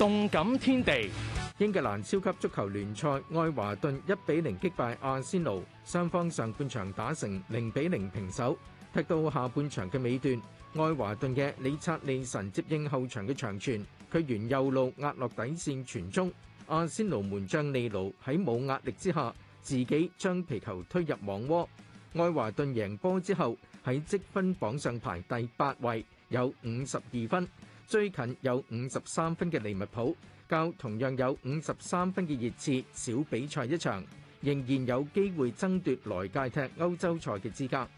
動感天地，英格蘭超級足球聯賽，愛華頓一比零擊敗阿仙奴，雙方上半場打成零比零平手，踢到下半場嘅尾段，愛華頓嘅里察利神接應後場嘅長傳，佢沿右路壓落底線傳中，阿仙奴門將利奴喺冇壓力之下，自己將皮球推入網窩，愛華頓贏波之後喺積分榜上排第八位，有五十二分。最近有五十三分嘅利物浦，較同樣有五十三分嘅熱刺，少比賽一場仍然有機會爭奪來屆踢歐洲賽嘅資格。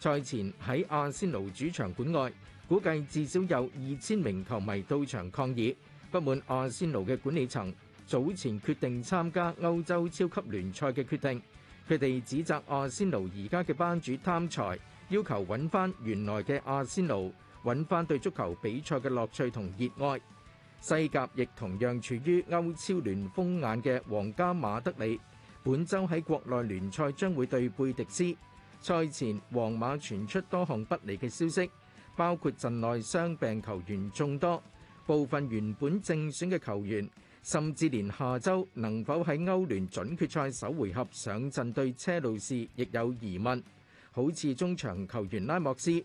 賽前喺阿仙奴主場館外，估計至少有二千名球迷到場抗議，不滿阿仙奴嘅管理層早前決定參加歐洲超級聯賽嘅決定，佢哋指責阿仙奴而家嘅班主貪財，要求揾翻原來嘅阿仙奴。揾翻對足球比賽嘅樂趣同熱愛。西甲亦同樣處於歐超聯風眼嘅皇家馬德里，本周喺國內聯賽將會對貝迪斯。賽前，皇馬傳出多項不利嘅消息，包括陣內傷病球員眾多，部分原本正選嘅球員，甚至連下週能否喺歐聯準決賽首回合上陣對車路士亦有疑問。好似中場球員拉莫斯。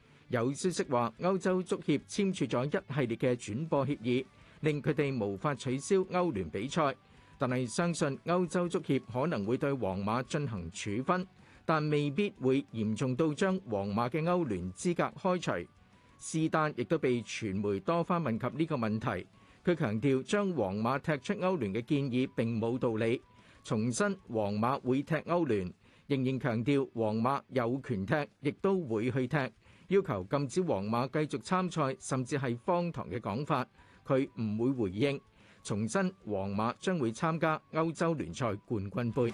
有消息話，歐洲足協簽署咗一系列嘅轉播協議，令佢哋無法取消歐聯比賽。但係相信歐洲足協可能會對皇馬進行處分，但未必會嚴重到將皇馬嘅歐聯資格開除。施丹亦都被傳媒多番問及呢個問題，佢強調將皇馬踢出歐聯嘅建議並冇道理。重申皇馬會踢歐聯，仍然強調皇馬有權踢，亦都會去踢。要求禁止皇馬繼續參賽，甚至係荒唐嘅講法，佢唔會回應。重申，皇馬將會參加歐洲聯賽冠軍杯。